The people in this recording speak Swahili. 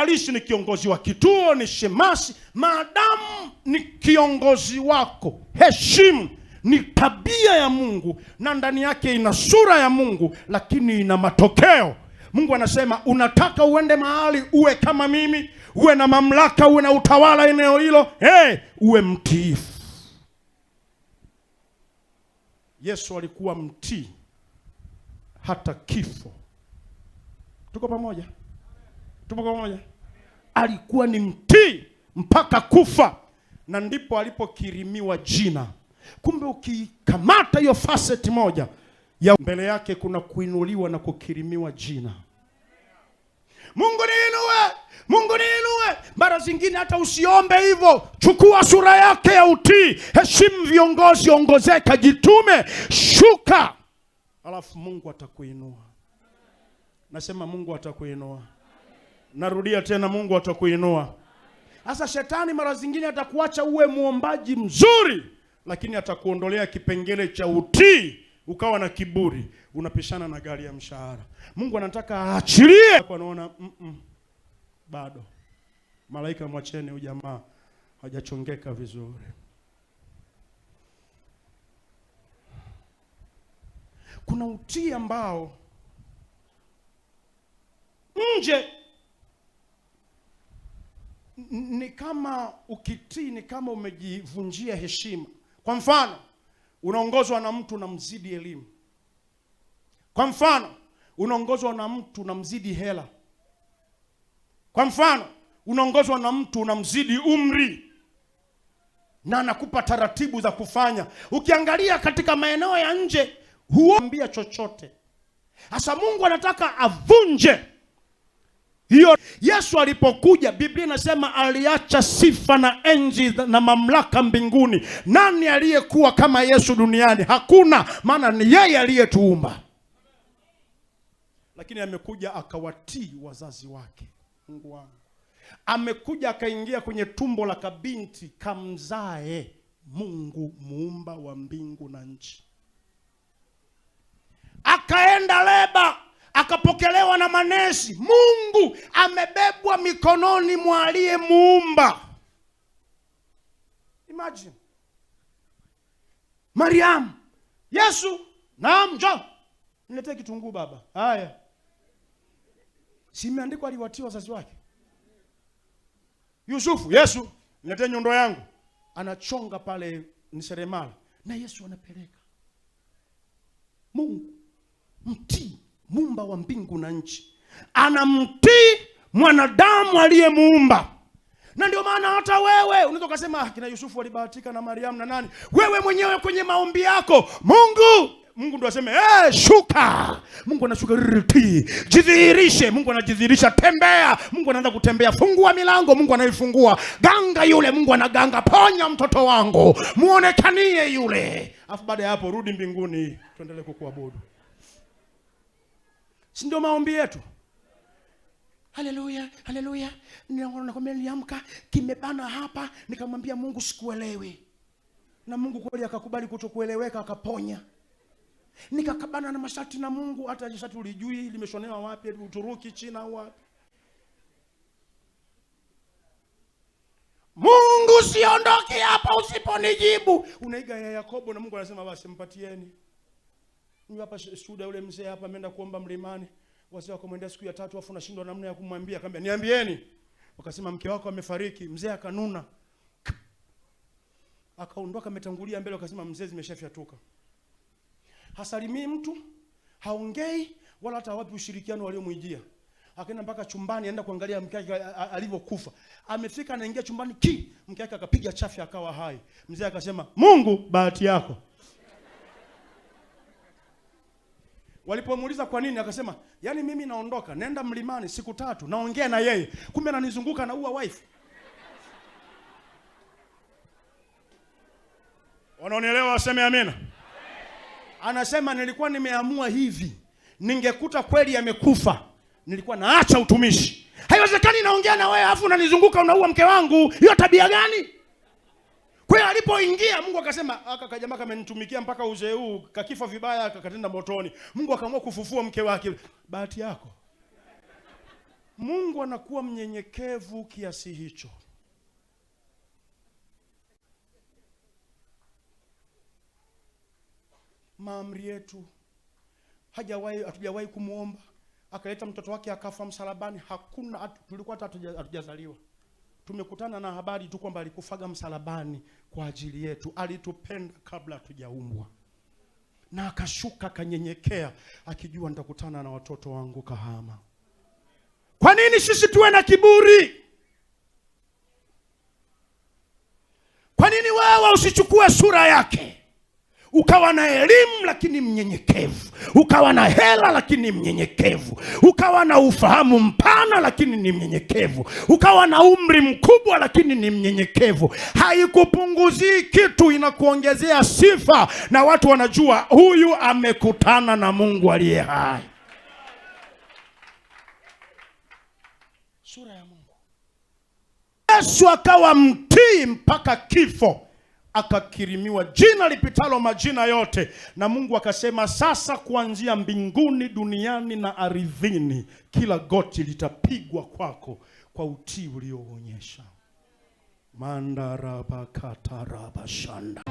haijalishi ni kiongozi wa kituo, ni shemasi, maadamu ni kiongozi wako, heshimu. Ni tabia ya Mungu na ndani yake ina sura ya Mungu, lakini ina matokeo. Mungu anasema unataka uende mahali uwe kama mimi, uwe na mamlaka, uwe na utawala eneo hilo, hey, uwe mtiifu. Yesu alikuwa mtii hata kifo. Tuko pamoja? Tupo pamoja? Alikuwa ni mtii mpaka kufa, na ndipo alipokirimiwa jina. Kumbe ukikamata hiyo facet moja ya mbele yake kuna kuinuliwa na kukirimiwa jina. Mungu niinue, Mungu niinue. Mara zingine hata usiombe hivyo, chukua sura yake ya utii, heshimu viongozi, ongozeka, jitume, shuka, alafu Mungu atakuinua. Nasema Mungu atakuinua. Narudia tena, Mungu atakuinua. Sasa shetani mara zingine atakuacha uwe muombaji mzuri, lakini atakuondolea kipengele cha utii, ukawa na kiburi, unapishana na gari ya mshahara. Mungu anataka aachilie, anaona mm -mm, bado malaika, mwacheni huyu jamaa hajachongeka vizuri. Kuna utii ambao nje ni kama ukitii, ni kama umejivunjia heshima. Kwa mfano, unaongozwa na mtu mzidi elimu. Kwa mfano, unaongozwa na mtu mzidi hela. Kwa mfano, unaongozwa na mtu mzidi umri na anakupa taratibu za kufanya. Ukiangalia katika maeneo ya nje, huambia chochote. Hasa Mungu anataka avunje hiyo. Yesu alipokuja, Biblia inasema aliacha sifa na enzi na mamlaka mbinguni. Nani aliyekuwa kama Yesu duniani? Hakuna, maana ni yeye aliyetuumba. Lakini amekuja akawatii wazazi wake. Mungu wangu, amekuja akaingia kwenye tumbo la kabinti kamzae Mungu muumba wa mbingu na nchi, akaenda kupokelewa na manesi. Mungu amebebwa mikononi mwa aliyemuumba. Imagine Mariamu, Yesu, naam, njoo niletee kitunguu baba. Haya, si imeandikwa wazazi wake. Yusufu, Yesu, niletee nyundo yangu. Anachonga pale, ni seremala, na Yesu anapeleka. Mungu mtii muumba wa mbingu na nchi, anamtii mwanadamu aliyemuumba. Na ndio maana hata wewe unaweza ukasema ah, kina Yusufu alibahatika na Mariamu na nani, wewe mwenyewe kwenye maombi yako Mungu Mungu ndo aseme eh, shuka. Mungu anashuka riti, jidhihirishe. Mungu anajidhihirisha, tembea. Mungu anaanza kutembea, fungua milango. Mungu anaifungua, ganga yule. Mungu anaganga, ponya mtoto wangu, muonekanie yule. Afu baada ya hapo, rudi mbinguni, tuendelee kukuabudu si ndio maombi yetu? Haleluya, haleluya. Nakwambia, niliamka kimebana hapa, nikamwambia Mungu sikuelewi, na Mungu kweli akakubali kutokueleweka, akaponya. Nikakabana na mashati na Mungu, hata shati ulijui limeshonewa wapi, Uturuki, China au wapi. Mungu, siondoke hapa usiponijibu. Unaiga ya Yakobo, na Mungu anasema basi mpatieni huyu hapa shuhuda, yule mzee hapa ameenda kuomba mlimani, wazee wakamwendea siku ya tatu, afu nashindwa namna ya kumwambia. Akamwambia niambieni, wakasema mke wako amefariki. Mzee akanuna akaondoka, ametangulia mbele, akasema mzee, zimeshafyatuka. Hasalimii mtu, haongei wala hata wapi ushirikiano waliomwijia. Akaenda mpaka chumbani, aenda kuangalia mke wake alivyokufa. Amefika, anaingia chumbani ki mke wake akapiga chafya, akawa hai. Mzee akasema, Mungu bahati yako. Walipomuuliza kwa nini, akasema yaani, mimi naondoka, nenda mlimani siku tatu, naongea na yeye, kumbe ananizunguka na uwa wife. Wanaonielewa waseme amina. Anasema nilikuwa nimeamua hivi, ningekuta kweli amekufa, nilikuwa naacha utumishi. Haiwezekani, naongea na wewe afu unanizunguka, unaua mke wangu, hiyo tabia gani? Kwa hiyo alipoingia Mungu akasema ah, aka kajamaa kamenitumikia mpaka uzee huu kakifa vibaya katenda motoni. Mungu akaamua kufufua mke wake. Bahati yako. Mungu anakuwa mnyenyekevu kiasi hicho. Maamri yetu hajawahi hatujawahi kumwomba akaleta mtoto wake akafa msalabani. Hakuna tulikuwa hatujazaliwa tumekutana na habari tu kwamba alikufaga msalabani kwa ajili yetu, alitupenda kabla hatujaumbwa na akashuka akanyenyekea, akijua nitakutana na watoto wangu Kahama. Kwa nini sisi tuwe na kiburi? Kwa nini wewe usichukue sura yake? ukawa na elimu lakini mnyenyekevu, ukawa na hela lakini mnyenyekevu, ukawa na ufahamu mpana lakini ni mnyenyekevu, ukawa na umri mkubwa lakini ni mnyenyekevu. Haikupunguzii kitu, inakuongezea sifa, na watu wanajua huyu amekutana na Mungu aliye hai. Sura ya Mungu. Yesu akawa mtii mpaka kifo akakirimiwa jina lipitalo majina yote, na Mungu akasema, sasa kuanzia mbinguni, duniani na ardhini, kila goti litapigwa kwako kwa utii ulioonyesha mandarabakatarabashanda